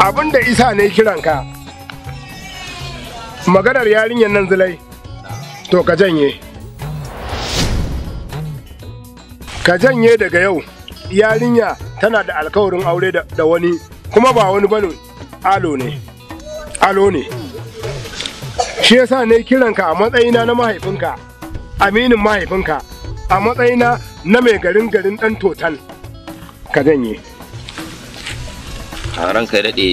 abin da isa ne kiranka maganar yarinyar nan zulai to ka janye ka janye daga yau yarinya tana da alkawarin aure da wani kuma ba wani bane alo ne alo ne shi yasa ne kiranka a matsayina na mahaifinka aminin mahaifinka a matsayina na mai garin garin dan total ka janye taron kai daɗe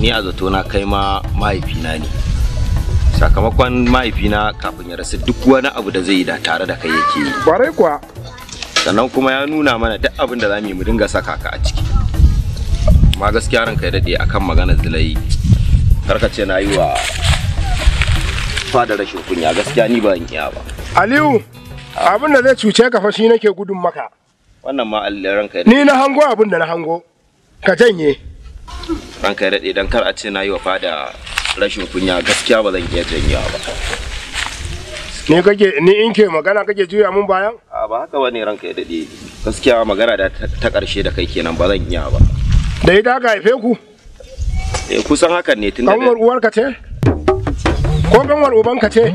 ni a zato na kai ma mahaifina ne sakamakon mahaifina kafin ya rasu duk wani abu da zai yi da tare da kai yake yi ƙwarai kuwa sannan kuma ya nuna mana duk abin da za mu yi mu dinga saka ka a ciki ma gaskiya ran kai daɗe akan maganar zilai karka ce na yi wa fadar rashin kunya gaskiya ni ba iya ba. Aliyu abin da zai cuce ka fa shi nake gudun maka. Wannan ma Allah kai Ni na hango abin da na hango. Ka janye. ranka ya daɗe don kar a ce na yi wa fada rashin kunya gaskiya ba zan iya janyawa ba ni kake ni in ke magana kake juya mun bayan a ba haka bane ranka ya daɗe gaskiya magana da ta ƙarshe da kai kenan ba zan iya ba da ita ka haife ku eh kusan hakan ne tun da kanwar uwarka ce ko kanwar ubanka ce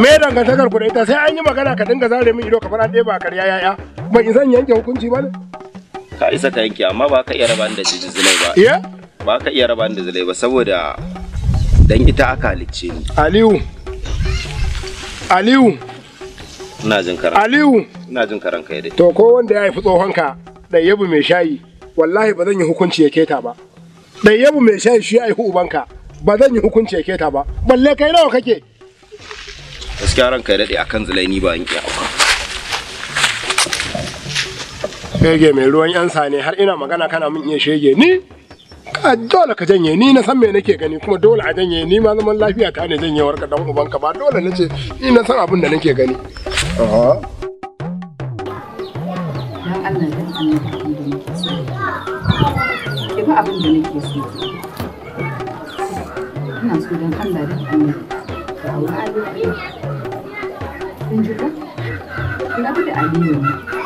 me dangantakar ku da ita sai an yi magana ka dinga zare min ido kamar an ɗeba karya yaya ba in zan yanke hukunci ba ne ka isa ka yanke amma ba ka iya raba da zulai ba ba ka iya raba da zulai ba saboda dan ita aka halicce ni aliyu aliyu ina jin karan aliyu ina jin karan kai dai to ko wanda ya haifi tsohonka dai yabu mai shayi wallahi ba zan yi hukunci ya keta ba dai yabu mai shayi shi ya haifi ubanka ba zan yi hukunci ya keta ba balle kai nawa kake gaskiya ranka ya dade akan zulai ni ba yanke auka shege mai ruwan yan ne har ina magana kana mun iya shege ni ka dole ka janye ni na san me nake gani kuma dole a janye ni ma zaman lafiya ta ne janyewar ka dan ka ba dole nace ni na san abin da nake gani Allah ba abin da Allah da da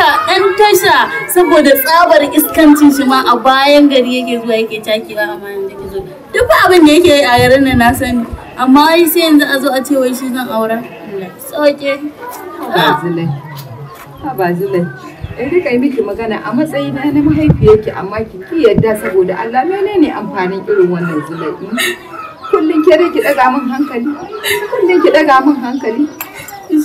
haka ɗan tasha saboda tsabar iskancin shi ma a bayan gari yake zuwa yake cakewa a bayan ke zo duk abin da yake a garin nan na sani amma ai sai yanzu a zo a ce wai shi zan aura sauke ba zulai in ya yi miki magana a matsayi na na mahaifiyarki amma ki ki yadda saboda Allah menene amfanin irin wannan zulai hmm? kullum ke ki daga min hankali kullum ki daga min hankali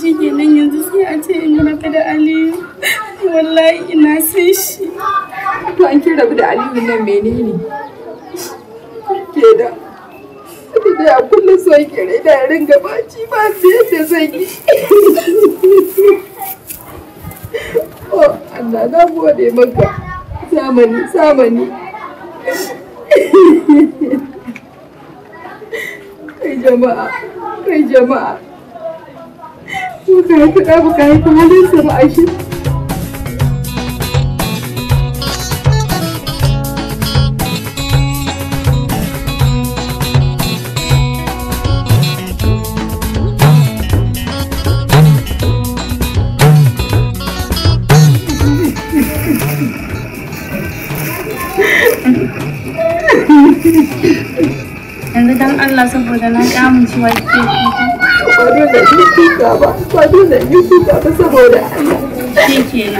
to shi nan yanzu sai a ce in raka da aliyu wallahi ina san shi to an kira rabu da aliyu nan menene ke da da ya kullum so ke rai da ya ringa baci ba su yadda zai yi oh Allah na gode maka samani samani kai jama'a kai jama'a Muka haifi ba a shi. yanzu don Allah saboda na ƙi amincewa ke dole yi kuka ba ba ba saboda shi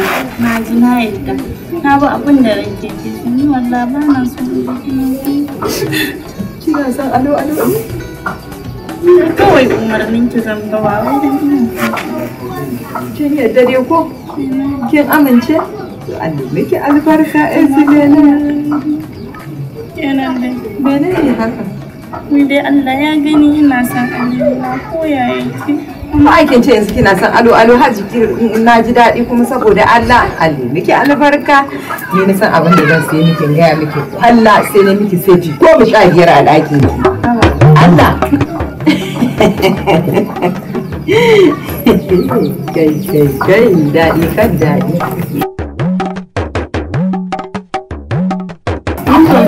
na ji na yadda na abin da ke sun walla ba na kina san alo alo kawai umarnin ki zan ba kin yadda dai ko kin amince annabi albarka ezilena kenan dai bene ne haka ni dai Allah ya gani ina son Amina ko ya yake kuma aikin ce yanzu kina son alo alo har na ji daɗi kuma saboda Allah Ali miki albarka ni na san abin da zan sai miki gaya miki Allah sai na miki sai ki ko mu sha biyar a Allah kai kai kai daɗi kan daɗi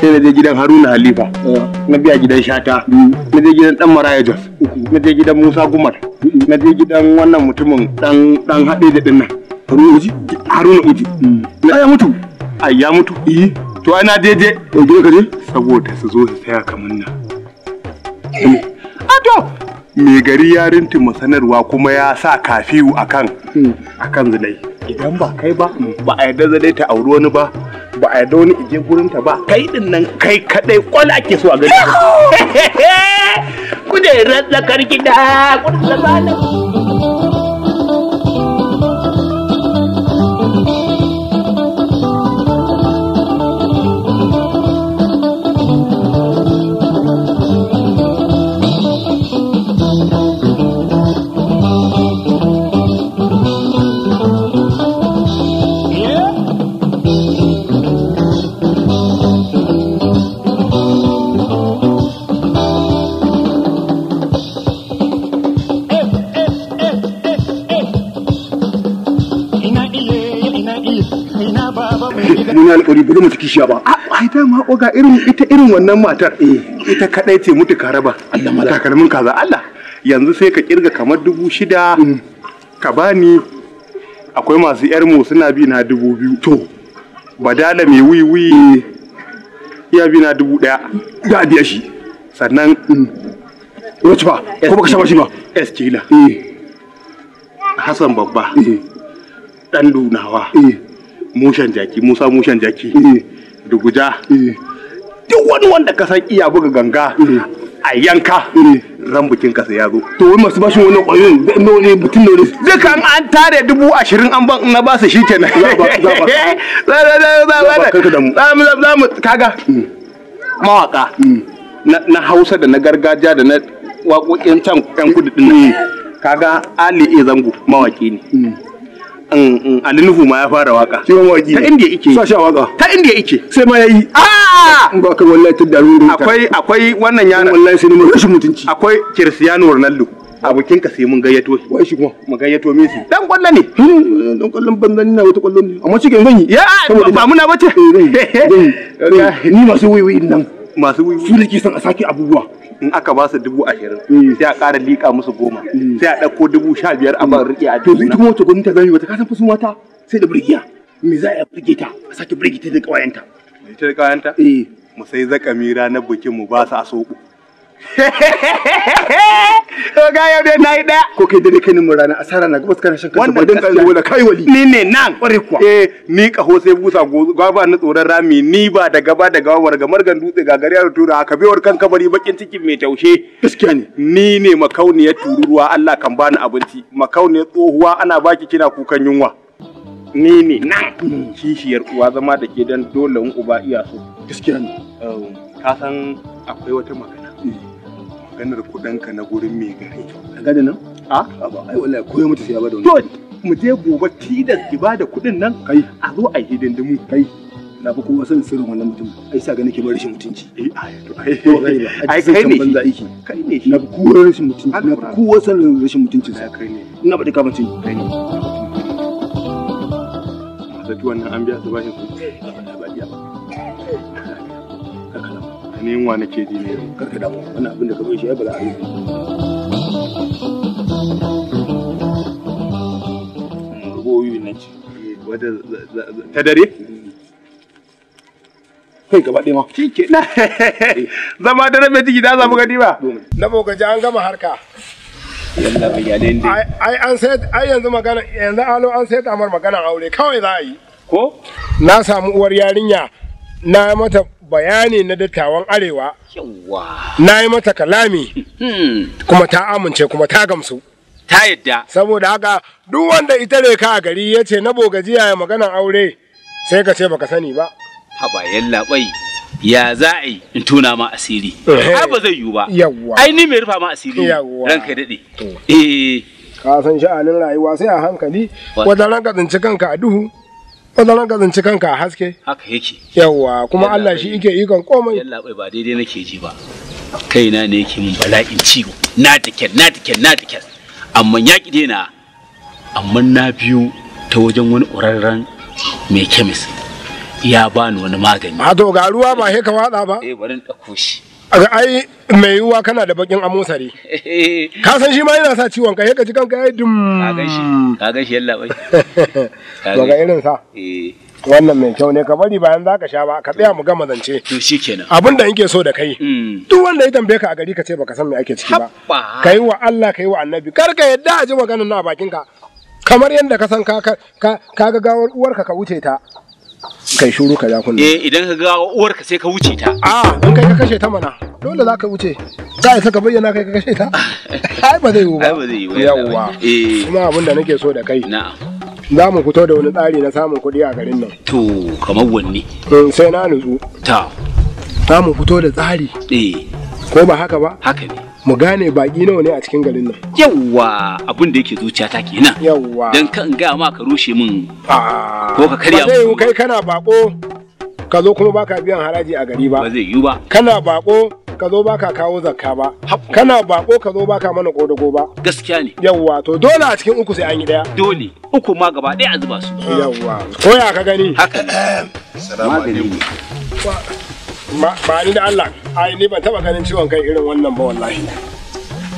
sai na je gidan haruna halifa eh. na biya gidan shata na je gidan dan maraya jos na je gidan musa gumar na je gidan wannan mutumin dan dan haɗe da dinnan haruna uji haruna uji mm. na ah, ya mutu ai ya mutu eh to ana daidai to gidan ka je saboda su zo su saya kamar nan eh. a to me gari ya rinti masanarwa kuma ya sa kafiyu akan mm. akan zulai idan ba kai ba mm. ba a yarda zalai ta auri wani ba ba a yarda wani ije gurinta ba kai din nan kai kadai kwal ake so a gani da tsakar gida da tsakar aure mata kishiya ba ai da ma oga irin ita irin wannan matar Eh ita kadai ce mutu kare ba. Allah mala takalmin kaza Allah yanzu sai ka kirga kamar dubu shida mm. ka bani akwai masu yar mu suna bi na dubu biyu to badala mai wi wi. Eh. iya bi na dubu daya da biya shi sannan mm. wacce ba ko baka saba shi ba Es eskila eh. hassan babba eh. dan dunawa eh mushen jaki musa mushen jaki da guja duk wani wanda ka san iya buga ganga a yanka ran ka kasa ya zo to wai masu bashin wannan kwayoyin na wani mutum na wani duka an tare dubu ashirin an ban na basu shi kenan za ba za ba za kaga mawaka na hausa da na gargajiya da na waƙoƙin can yan kudu din mm. kaga ali zango mawaki ne mm. alinuhu ma ya fara waka shi ma ta indiya ike sa sha waka ta indiya ike sai ma yayi a ah! ba ka wallahi ta. da akwai akwai wannan yana wallahi sai mun rashin mutunci akwai cristiano ronaldo abokin ka sai mun gayyato shi wai shi kuma mu gayyato Messi dan kwallo ne hmm, dan kwallon banza ni wata kwallo ne amma shi ke zan yi ya ba muna bace eh, ni masu wiwi nan masu su da ke son a sake abubuwa in aka ba su dubu ashirin mm. sai a ƙara liƙa musu goma mm. sai a ɗauko dubu sha biyar a ban riƙe a juna. To kuma wata gwamnati gani wata kasan fasu mata sai da birgiya me za a birge ta a sake birge ta da ƙawayenta. Ita da ƙawayenta? Eh. Mu sai zakami ranar bikin mu ba su a soɓo. to ga yau dai nayi daya ko kai dai kai mun rana asara na gaba kana shan kanka ba dan tsaro da kai wali ni ne nan kwari kuwa eh ni kaho sai busa gaba na tsoron rami ni ba da gaba da gaba warga margan dutse ga gari yaro tura ka bewar kanka bari bakin cikin mai taushe gaskiya ne ni ne makauniyar tururuwa Allah kan bani abinci makauniyar tsohuwa ana baki kina kukan yunwa ni ne nan kishiyar uwa zama da ke dan dole uba iya so gaskiya ne ka san akwai wata magana eh. maganar kuɗinka na gurin mai gari. A gadi nan? A? Ba, ai wallahi koyo mata siya ba bada wani. To, mu je gobe tilas ki bada kudin nan. Kai. A zo a yi hidindimu. Kai. Na fi kowa sanin sirrin wannan mutum. Ai sa ga nake ba rashin mutunci. Eh, ai to ai. Ai kai ne. Kai ne. Na fi kowa rashin mutunci. Na fi kowa sanin rashin mutunci. Ai kai ne. Ina ba da ka mutunci. Kai ne. ta Zaki wannan an biya su ba shi su. ni yunwa nake ji ne karka damu abin da ka zo a yi ta dare kai gaba ɗaya ma shi ke na zama dare mai jiki da zamu gani ba na bogaji an gama harka ai an sai ai yanzu magana yanzu alo an sai tamar magana aure kawai za a yi ko na samu uwar yarinya na mata bayani na dattawan arewa na yi mata kalami hmm. kuma ta amince kuma ta gamsu ta yadda saboda haka duk wanda ita ne ka a gari ya ce na bogajiya ya maganan aure sai ka ce baka sani ba haba yalla bai ya za a yi in tuna ma asiri har eh. ba zai yiwu ba ai ni mai rufa ma asiri ranka daɗe eh ka san sha'anin rayuwa sai a hankali wajen ranka tsinci kanka a duhu wadannan ka zance kanka a haske haka yake yawa kuma Allah shi yake ikon komai yalla bai ba daidai nake ji ba kaina ne yake min bala'in ciwo na tiket na tiket na tiket amma ya ki daina amma na biyu ta wajen wani ƙwararren mai kemis ya bani wani magani a to ga ruwa ba he ka wada ba eh bari in ɗauko shi aga ai mai yiwuwa kana da bakin amosare ka san shi ma yana sa ciwon kai ka ji kanka yayi dum ka gan shi shi yalla bai to ga irin sa eh. wannan mai kyau ne ka bari bayan zaka sha ba ka tsaya mu gama zance to shikenan abin da yake so da kai hmm. duk wanda ya tambaye ka a gari ka ce baka san me ake ciki ba kai wa Allah kai wa annabi kar ka yadda a ji maganar na bakin ka kamar yadda ka san ka ka ga gawar uwarka ka wuce ta kai shuru ka ja kullum eh idan ka ga uwar ka sai ka wuce ta a ah, in kai ka kashe ta mana dole za ka wuce ka isa ka bayyana kai ka kashe ta ai ba zai yi ba ai ba zai yawa eh kuma abin da nake so da kai na'am za mu fito da wani tsari na samun kuɗi a garin nan to kamar wanne mm, sai na nutsu ta za mu fito da tsari eh ko ba haka ba haka ne mu gane baki nawa ne a cikin garin nan yawa abin da yake zuciyata kenan yawa dan kan ga ma ka rushe min ah. ko ka karya yiwu kai kana bako ka zo kuma baka biyan haraji a gari ba ba zai yiwu ba kana bako ka zo baka kawo zakka ba kana bako ka zo baka mana kodago ba gaskiya ne yawa to dole a cikin uku sai an yi daya dole uku ma gaba daya a zuba su yawa ko ya ka gani haka assalamu alaikum ba ni da Allah ai ni ban taba ganin ciwon kai irin wannan ba wallahi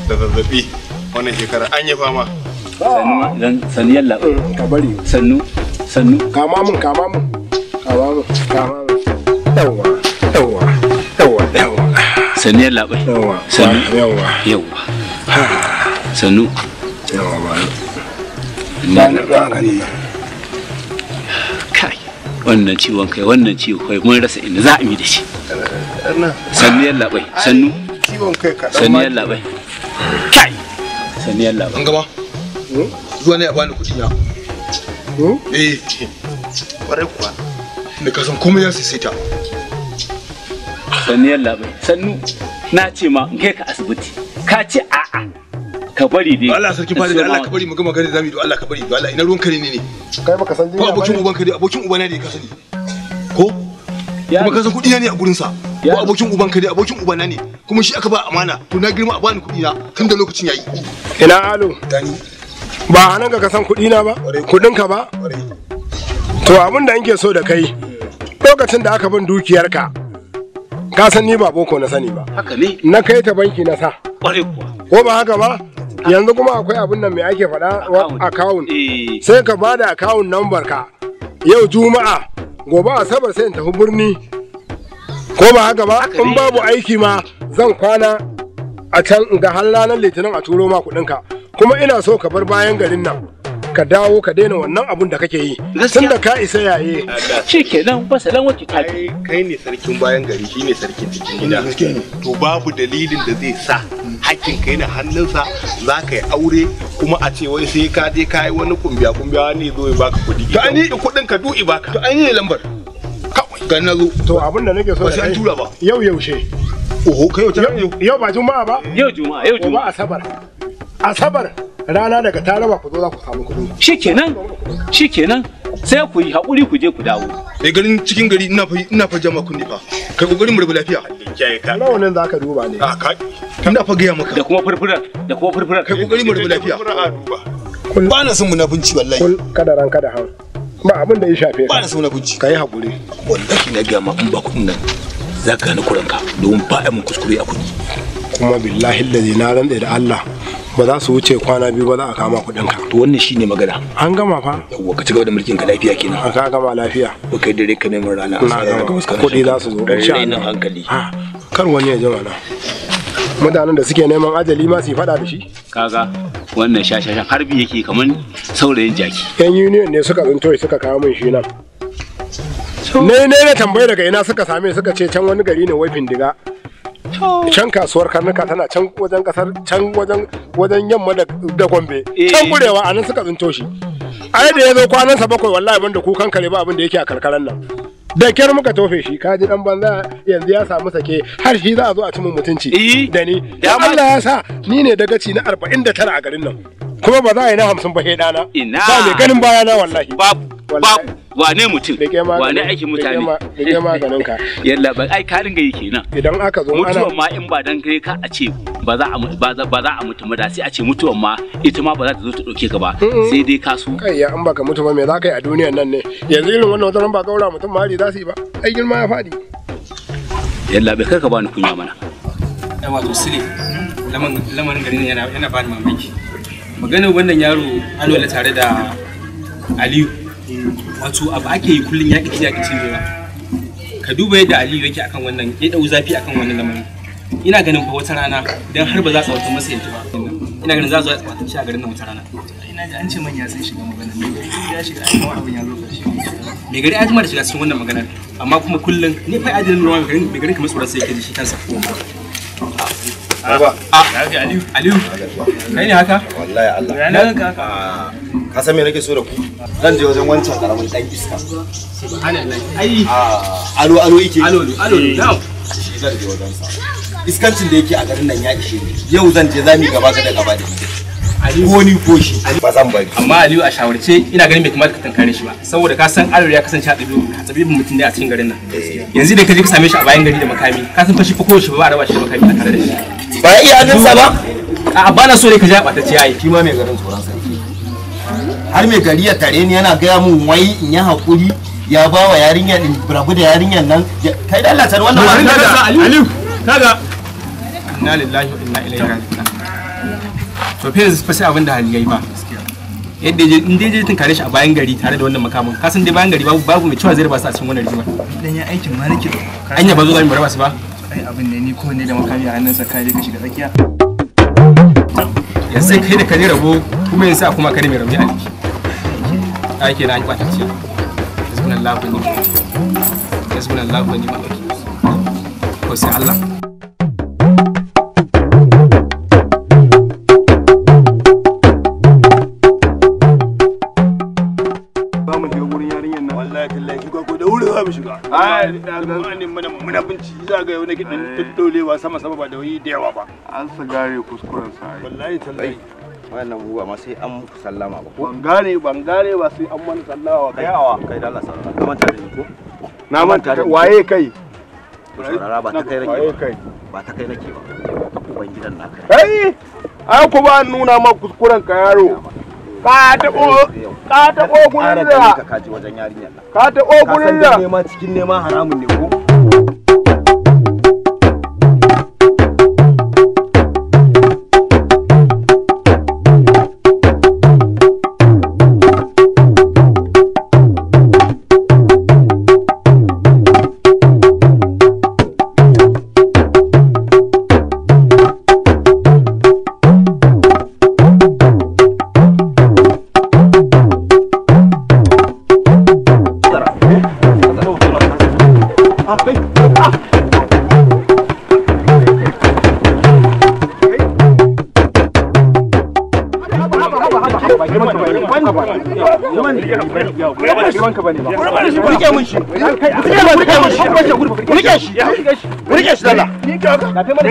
da zazzabi wannan shekara an yi fama sannu yalla eh, ka bari sannu sannu kama mun kama mun kama mun kama mun yawa yawa yawa yawa sannu yalla bai yawa sannu yawa yawa sannu yawa ba ni da gani wannan ciwon kai wannan ciwon kai mun rasa inda za a mi da shi sannu yalla bai sannu ciwon kai ka sannu yalla bai kai sannu yalla bai an gama zuwa ne a bani kuɗi na eh ƙwarai kuwa ka san komai ya sisita sannu yalla bai sannu na ce ma in kai ka asibiti ka ce a'a ka bari dai Allah sarki fari da Allah ka bari mu gama gari zamu yi Allah ka bari Allah ina ruwan kare ne ne kai baka san jinya abokin uban kare abokin Uban ne ka sani ko kuma ka san kudi ne a gurin sa ko abokin uban kare abokin ubana ne kuma shi aka ba amana to na girma a bani kudi na tun da lokacin yayi ina alo dani ba anan ka san kudi na ba kudin ka ba to abin da nke so da kai lokacin da aka bin dukiyarka ka san ni ba boko na sani ba haka ne na kai ta banki na sa ko ba haka ba yanzu kuma akwai abin nan mai ake faɗa account eh. sai ka bada akawun number ka yau juma'a gobe asabar sai in tafi birni ko ba haka ba in babu aiki ma zan kwana a can ga har ranar litinin a turo ma kuɗinka kuma ina so ka bar bayan garin nan ka dawo ka daina wannan abun da kake yi tun da ka isa yaye shi nan ba salan wace ta kai ne sarkin bayan gari shi ne sarkin cikin gida to babu dalilin da zai sa hakkin kai na hannunsa za ka yi aure kuma a ce wai sai ka je ka yi wani kumbiya kumbiya ne zo ya baka kuɗi to an yi kuɗin ka du'i baka to an yi lambar kawai na zo to abin da nake so ba sai an tura ba yau yaushe oho kai yau yau ba juma'a ba yau juma'a yau juma'a asabar asabar rana daga taraba ku zo za ku samu kudi shikenan shikenan sai ku yi haƙuri ku je ku dawo eh garin cikin gari ina fa ina fa jama kun fa kai kokarin mu rabu lafiya nawa nan zaka duba ne a kai ina fa gaya maka da kuma furfurar da kuma furfurar kai kokarin mu rabu lafiya ba na son munafunci wallahi kun kada ran kada hawa ba abin da ya shafe ba na son munafunci kai hakuri wallahi na gaya ma in ba kuɗin nan zaka gane kuranka domin ba a mun kuskure a kuɗi kuma billahi lazi na rantse da Allah ba za su wuce kwana biyu ba za a kama kuɗin ka to wannan shine magana an gama fa yawa ka cigaba da mulkin ka lafiya kenan an ka gama lafiya ba kai dare ka neman rana na gama kuɗi za su zo insha Allah hankali ah, kar wani ya jima na mutanen da suke neman ajali ma su faɗa da shi kaga wannan shashashan harbi yake kaman saurayin jaki yan union ne suka zunto suka kawo min shi nan ne ne na tambaye daga ina suka same suka ce can wani gari ne wai findiga Oh. can kasuwar karnuka tana can wajen kasar can wajen yamma da gombe eh. can kurewa anan suka tsinto shi ai da ya zo kwanan sa bakwai wallahi abin da kukan kare ba abin da yake a karkaran nan da kyar muka tofe shi ka ji dan banza yanzu ya samu sake har shi za a zo a ci mutunci eh. da ni ya Allah ya sa ni ne dagaci na 49 a garin nan kuma ba za a yi na 50 ba sai dana ba mai ganin baya na wallahi babu babu wane mutum wane aiki mutane da ke maganin ka yalla ba ai ka ringa yi kenan idan aka zo mutuwa ma in ba dan kai ka a ce ba za a ba za a mutu da sai a ce mutuwa ma ita ma ba za ta zo ta dauke ka ba sai dai ka so kai ya an baka mutu ba me za ka yi a duniyar nan ne yanzu irin wannan wata ba gaura mutum mari za su yi ba ai girma ya fadi yalla bai kai ka bani kunya mana ai wato sile lamarin garin yana yana ni mamaki maganar wannan yaro an tare da Aliyu wato abu ake yi kullum ya kici ya kici ne ka duba yadda aliyu yake akan wannan ya dau zafi akan wannan lamarin ina ganin fa wata rana dan har ba za su wata masa yanzu ba ina ganin za su wata shi a garin nan wata rana ina ji an ce manya sun shiga magana ya shiga kuma abin ya zo karshe me gari ya jima da shiga cikin wannan maganar amma kuma kullum ne fa ruwan garin garin kamar tsoron sai yake da shi kansa Ah, Aliyu, Kai ne haka? Wallahi Allah. ka ah, Ka san me nake so da ku? Zan je wajen wancan karamin ɗan iska. Subhanallah. Ai. Ah, alo alo yake. Alo alo. Eh, na'am. Shi zan je wajen sa. Iskancin da yake a garin nan ya ishe ni. Yau zan je za mu gaba ga da gaba da shi. ko ni ko shi ba zan bari amma aliyu a shawarce ina ganin bai kamata ka tankare shi ba saboda ka san aliyu ya kasance a tsabibin mutum ne a cikin garin nan eh. yanzu da ka je ka same shi a bayan gari da makami ka san fa shi kowace ba a raba shi da makami a tare da shi ba iya adinsa ba a bana so ne ka ja ɓata ciyayi shi Kima mai garin tsoron sarki har mai gari ya tare ni yana gaya mun wai in yi hakuri ya ba wa yarinya din rabu da yarinyar nan kai da Allah tar wannan ba kaga Aliyu inna lillahi wa inna ilaihi raji'un to fez fa sai abin da hali yayi ba yadda je in je tun kare shi a bayan gari tare da wannan makamin ka san dai bayan gari babu babu mai cewa zai raba su a cikin wannan rigimar dan ya aikin ma nake An ba zo za mu raba su ba ai abin ne ni ko ne da makami a sa ka je ka shiga tsakiya yanzu sai kai da kare rabo kuma yanzu a kuma kare mai rauni a jiki ai kenan an kwata ce bismillah ni bismillah ni ko sai Allah tsammanin mana za ga dodolewa eh. sama sama ba da wani da yawa ba an su gare kuskuren sa wallahi tallahi wannan buwa ma sai an muku sallama ba ko ban gane ba sai an mana sallama kai awa kai da Allah sallama ka manta da ni ko na manta da waye kai saurara ba ta kai nake ba ba ta kai nake ba ubangidan na kai ai ku ba nuna ma kuskuren ka yaro ka taɓo ka taɓo gurin da ka taɓo gurin da cikin nema haramun ne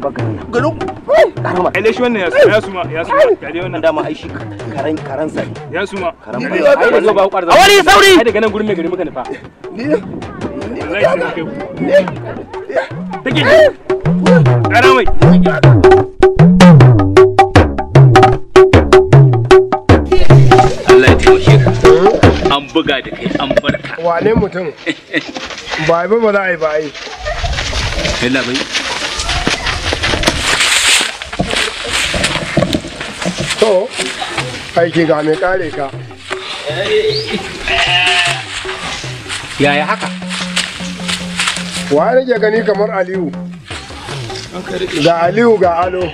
in baka garin karama ele shi wannan ya suma ya suma kare wannan dama ai shi karan karansa ne ya suma karan ai da zo ba kwar da wani sauri ai daga nan gurin mai gari muka nufa ni ni take karamai Allah ya an buga da kai an barka wane mutum ba ba za a yi ba to aiki ga mai kare ka yaya haka wa rage gani kamar aliyu ga aliyu ga alo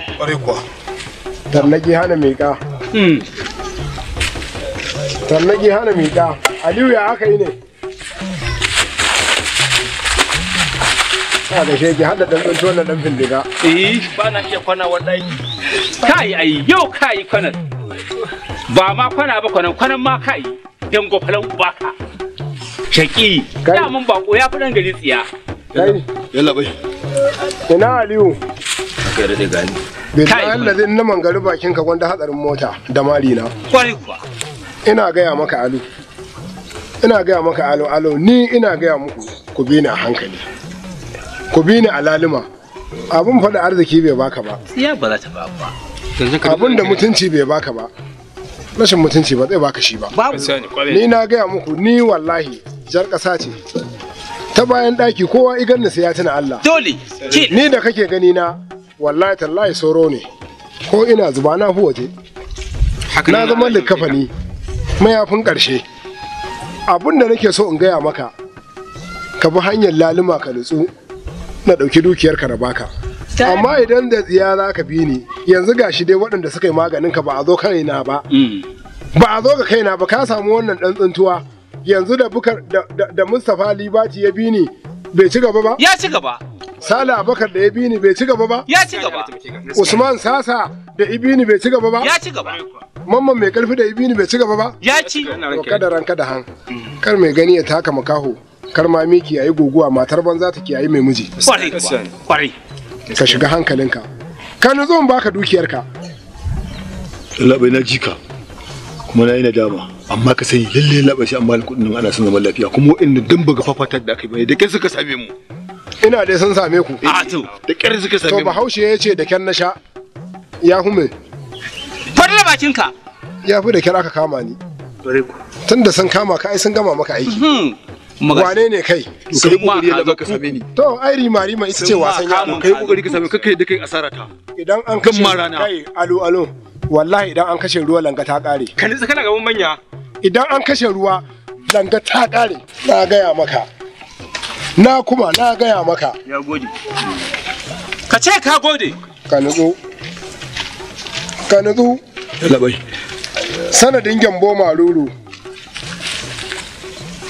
tarnaki hana miƙa hmm. tarnaki hana ka. aliyu ya haka yi ne a da shege hada dan tsanto na dan bindiga eh ba na iya kwana wadai kai ai yau kai kwana ba ma kwana ba kwana kwanan ma kai dan gofalan uba ka shaki da mun bako ya fi dan gari tsiya kai yalla bai ina aliyu kai da gani billahi alladhi na mangari bakin ka gwanda hadarin mota da marina kwari kuwa ina gaya maka alu ina gaya maka alo alo ni ina gaya muku ku bi ni a hankali ku bi ni alalima abin faɗa arziki bai baka ba ya abin da mutunci bai baka ba rashin mutunci ba zai baka shi ba ni na gaya muku ni wallahi jar ƙasa ce ta bayan ɗaki kowa igan sai ya tuna Allah dole ni da kake gani na wallahi tallahi soro ne ko ina zuba na fi waje na zama likafani mayafin ƙarshe abin da nake so in gaya maka ka bi hanyar laluma ka nutsu na ɗauki dukiyarka na baka amma idan da tsiya za ka bi ni yanzu gashi dai waɗanda suka yi maganin ka ba a zo kaina ba mm. ba a zo ga kaina ba ka samu wannan ɗan tsintuwa yanzu da bukar da Mustapha Libati ya bi ni bai ci gaba ba ya ci gaba Sale Abakar da ya bi ni bai ci gaba ba ya ci gaba Usman Sasa da ibini bai ci gaba ba ya ci gaba Mamman mai karfi da ibini bai ci gaba ba ya ci kada ranka da han kar mai gani ya taka makaho karmami miki yayi goguwa matar banza ta ki yayi mai miji kwarai kwarai ka shiga hankalinka ka nutso in baka dukiyarka labai na jika kuma na yi nadama amma ka sani lalle labai shi amma kudin nan ana son zaman lafiya kuma wa'anda dan baga fafatar da aka yi da kai suka same mu ina dai sun same ku eh, a ah, to da kyar suka same mu to bahaushe ya ce da kyan na sha ya hume farla bakinka ya fi da kyar aka kama ni tunda sun kama ka ai sun gama maka aiki hmm. wane ne kai kai kokari ya ka same ni to ai rimari rima ita ce wasan yaro kai kokari ka same kai da kai asara ta idan an kashe kai alo alo wallahi idan an kashe ruwa langa ta kare kan nitsa kana gaban manya idan an kashe ruwa langa ta kare na gaya maka na kuma na gaya maka ya gode ka ce ka gode ka nutsu ka nutsu labai sanadin gyambo maruru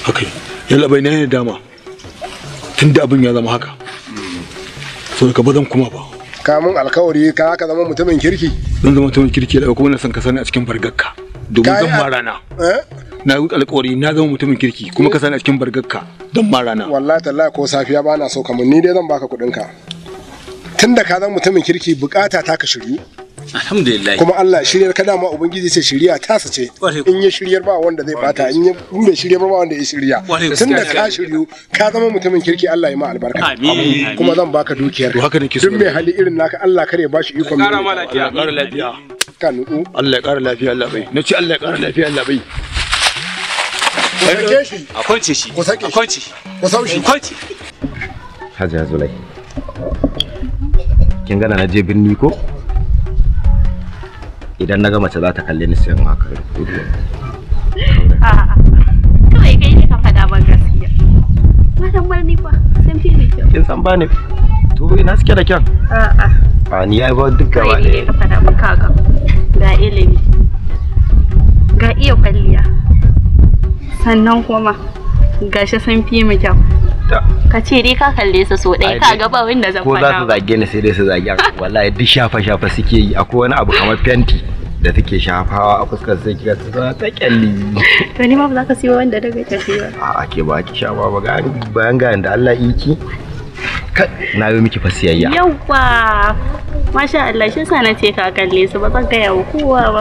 Okay. yalla bai ne dama tunda abin ya zama haka so ka bazan kuma ba mun alkawari ka haka zama mutumin kirki zan zama mutumin kirki da kuma na san ka sani a cikin bargakka domin zan ma rana eh? na yi alkawari na zama mutumin kirki kuma ka sani a cikin bargakka don ma rana wallahi tallahi ko safiya ba na so kamar ni dai zan baka kuɗin ka tunda ka zama mutumin kirki bukata ta ka shiru. alhamdulillah kuma Allah shiryar ka dama ubangiji sai shirya ta ce in ya shiryar ba wanda zai bata in ya bai shiryar ba wanda ya shirya tun da ka shiryu ka zama mutumin kirki Allah ya ma albarka amin kuma zan baka dukiyar duk mai hali irin naka Allah kare ba shi iko kara ma lafiya kara lafiya ka Allah ya kara lafiya Allah bai ci Allah ya kara lafiya Allah bai a shi a shi Hajiya Zulai kin gana na je birni ko idan na ga mace za ta kalle ni sai in haka a'a kai kai ne ka faɗa ba gaskiya ba ni ba san fi ne kyau kin san ba ne to ina suke da kyan a'a a ni yayi ba duk gaba ne ka fada mun kaga ga ilimi ga iya kwalliya sannan kuma gashi san fi mu kyau ka ce dai ka kalle su so dai ka ga ba wanda zan fada ko za su zage ni sai dai su zage wallahi duk shafa shafa suke yi akwai wani abu kamar fenti da take shafawa a fuskar sai kika ta ta kyalli to ni ma ba za ka siyo wanda daga ta siyo a ke ba ki shafa ba ga bayan ga da Allah yi ki na yi miki fasiyayya yawa masha Allah shi sa na ce ka kalle su ba zan ga yawo kowa ba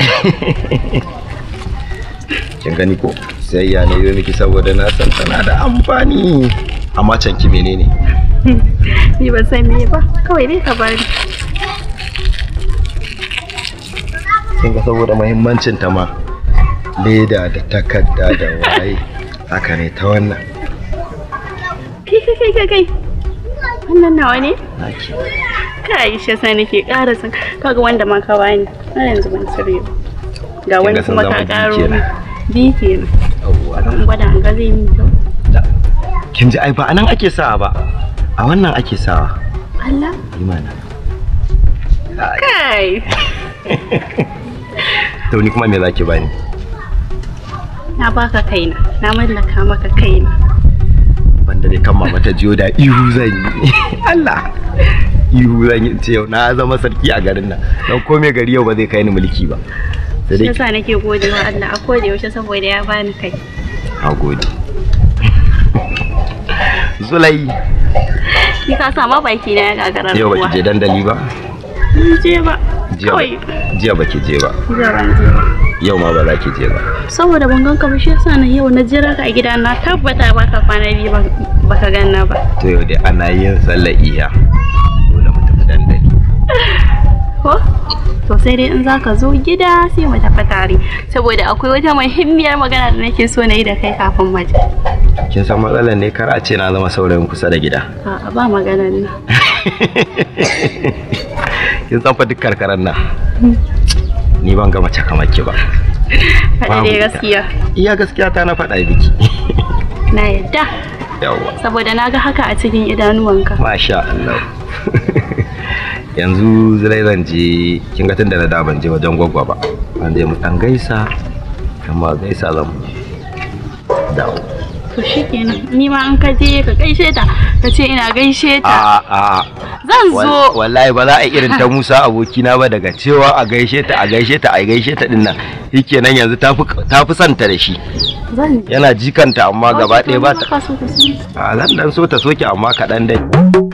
kin gani ko sai ya ne yi miki saboda na san tana da amfani amma can ki menene ni ban san me ba kawai dai ka bari kin ga saboda muhimmancin ta ma leda da takarda da waye haka ne ta wannan kai kai kai kai wannan nawa ne naki kai shi yasa nake ƙara san kaga wanda ma ka bani na yanzu ban sirri ga wani kuma ka ƙaro bi kenan an gwada an ga zai min kyau kin ji ai ba anan ake sawa ba a wannan ake sawa Allah imana kai to ni kuma me zaki bani na baka kaina na mallaka maka kaina banda dai kan mama ta jiyo da ihu zan yi Allah ihu zan yi ce yau na zama sarki a garin nan don kome gari yau ba zai kai ni mulki ba shi yasa nake gode Allah a koda yaushe saboda ya bani kai a gode zulai ni ka sa ma baki na ya gagara yau ba ki je dandali ba ni je ba jiya ba ki je ba yau ma ba za ki je ba saboda ban ganka ba shi yasa na yau na jira ka a gida na tabbata ba ka kwana biyu ba ka ganna ba to yau dai ana yin sallar iya dole mu tafi dandali ko to sai dai in zaka zo gida sai mu tafi tare saboda akwai wata muhimmiyar magana da nake so na yi da kai kafin mu je kin san matsalar ne kar a ce na zama saurayin kusa da gida a'a ba maganar nan kin san fa duk karkaran nan ni ban ga mace kamar ki ba faɗa ne gaskiya iya gaskiya ta na faɗa biki na yadda yawa saboda na ga haka a cikin idanuwanka masha Allah yanzu zirai zan je kin ga tun da na da ban je wajen gogwa ba an je mu dan gaisa amma gaisa zan dawo to shikenan ni ma an ka je ka gaishe ta ka ce ina gaishe ta a a zan zo wallahi ba za a irin ta Musa abokina ba daga cewa a gaishe ta a gaishe ta a gaishe ta din nan shikenan yanzu ta fi santa da shi yana jikanta amma gaba ɗaya ba ta a zan dan so ta soke amma kaɗan dai